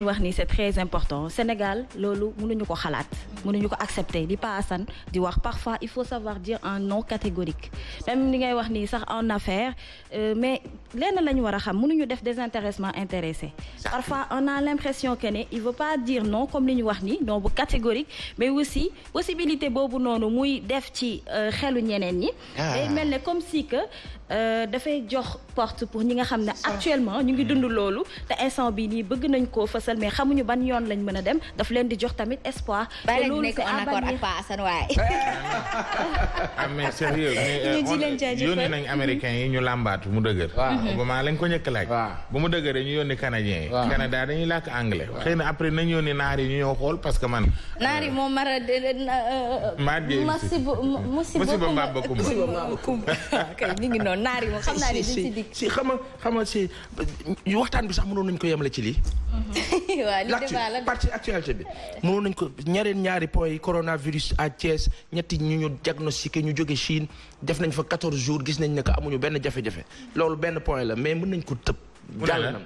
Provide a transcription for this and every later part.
wax ni c'est très important Sénégal loolu mënuñu ko xalaat mënuñu ko accepter di paasan di wax parfois il faut savoir dire un non catégorique même li ngay wax ni sax en affaire euh, mais lenn la ñu war a xam mënuñu def désintéressement intéressé parfois on a l'impression que ne il veut pas dire non comme li ñu wax ni non bu catégorique mais aussi possibilité boobu noonu muy def ci euh, xelu ñeneen ñi day ah. mel ne comme si que euh, dafay jox porte pour ñi nga xam ne actuellement ñu universel xamuñu ban yoon lañ mën a dem daf leen di jox tamit espoir. te loolu c'est en accord ak Pa Assane waaye. ah sérieux mais euh, yónni nañ américain yi ñu làmbaatu mu dëgër. waaw maa lañ ko njëkk laaj. bu mu dëgëree ñu yónni canadien yi. Canada dañuy làkk anglais. xëy na après nañ yónni naar yi ñu ñëw xool parce que man. naar yi moo mara de. Euh, euh, masiba masiba mbaaba kumba kay ñu ngi noonu naar moom xam naa ne duñ si dikk. si xam nga xam nga waxtaan bi sax mënoon nañ ko yemale ci lii. Mhm. waaw li débat la partie actualité bi mënoon nañ ko ñareen ñaari point yi coronavirus à Thiès ñetti ñu ñu diagnostiqué ñu jóge Chine def nañ fa 14 jours gis nañ ne que amuñu benn jafe-jafe loolu benn point la mais mën nañ ko tëb jàll na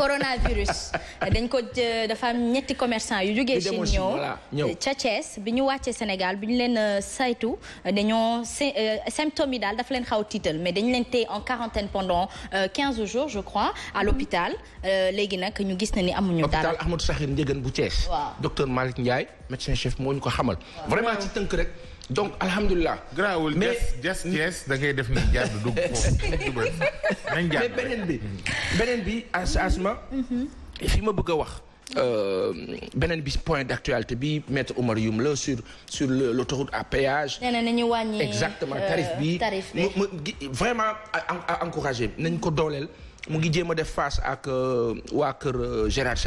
coronavirus dañ ko euh, dafa am ñetti commercant yu jógee Chine ñëw ca Thiès bi ñu wàccee Sénégal bi ñu leen euh, saytu dañoo euh, symptômes bi daal dafa leen xaw tiital mais dañu leen téye en quarantaine pendant quinze jours je crois à l'hôpital léegi nag ñu gis na ni amuñu dara hôpital Ahmadou Sakhir Ndiéguène bu Thiès waaw docteur Malick Ndiaye médecin chef moo ñu ko xamal vraiment ci tënk rek donc alhamdulilah grawul Thiès Thiès da ngay def ni jàdd dugg foofu mais beneen bi beneen bi as asma fi ma bëgg a wax Euh, beneen bi point d'actualité bi maître Oumar Youm la sur sur l'autoroute à péage. nee na nañu wàññi exactement euh, tarif bi tarif bi mu vraiment encouragé nañ ko dooleel mu ngi jéem a def face ak euh, waa kër euh, Gérard